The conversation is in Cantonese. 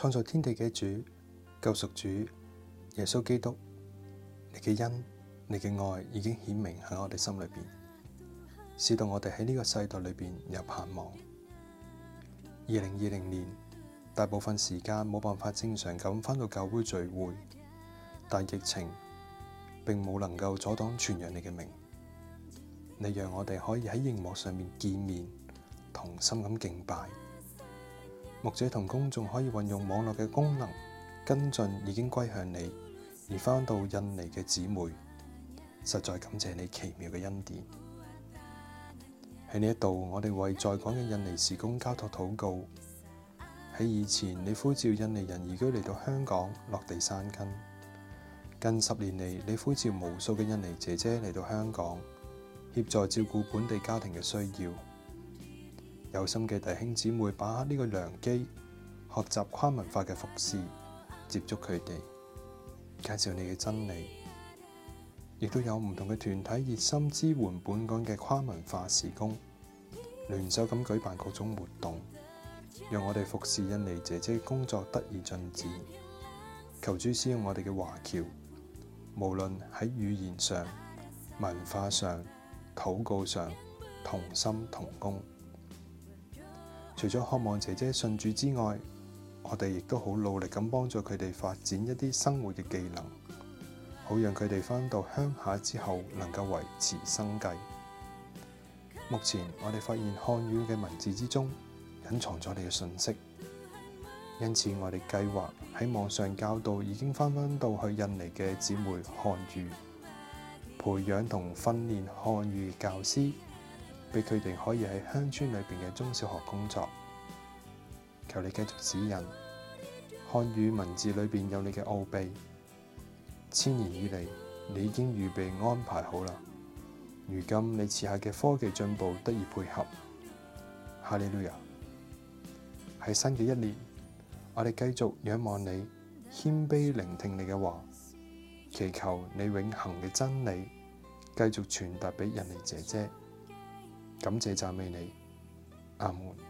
創造天地嘅主，救贖主，耶穌基督，你嘅恩，你嘅愛已經顯明喺我哋心裏邊，使到我哋喺呢個世代裏邊有盼望。二零二零年，大部分時間冇辦法正常咁返到教會聚會，但疫情並冇能夠阻擋傳揚你嘅名，你讓我哋可以喺熒幕上面見面，同心咁敬拜。牧者同公眾可以運用網絡嘅功能跟進已經歸向你而翻到印尼嘅姊妹，實在感謝你奇妙嘅恩典。喺呢一度，我哋為在港嘅印尼時工交託禱告。喺以前，你呼召印尼人移居嚟到香港落地生根。近十年嚟，你呼召無數嘅印尼姐姐嚟到香港協助照顧本地家庭嘅需要。有心嘅弟兄姊妹，把握呢個良機，學習跨文化嘅服侍，接觸佢哋，介紹你嘅真理，亦都有唔同嘅團體熱心支援本港嘅跨文化事工，聯手咁舉辦各種活動，讓我哋服侍印尼姐姐工作得以進展。求主使用我哋嘅華僑，無論喺語言上、文化上、禱告上，同心同工。除咗渴望姐姐信主之外，我哋亦都好努力咁幫助佢哋發展一啲生活嘅技能，好讓佢哋翻到鄉下之後能夠維持生計。目前我哋發現漢語嘅文字之中隱藏咗我哋嘅信息，因此我哋計劃喺網上教導已經翻返到去印尼嘅姊妹漢語，培養同訓練漢語教師。被確定可以喺鄉村裏邊嘅中小學工作。求你繼續指引漢語文字裏邊有你嘅奧秘。千年以嚟，你已經預備安排好啦。如今你賜下嘅科技進步得以配合。哈利路亞！喺新嘅一年，我哋繼續仰望你，謙卑聆聽你嘅話，祈求你永恆嘅真理繼續傳達俾人哋姐姐。感謝讚美你，阿門。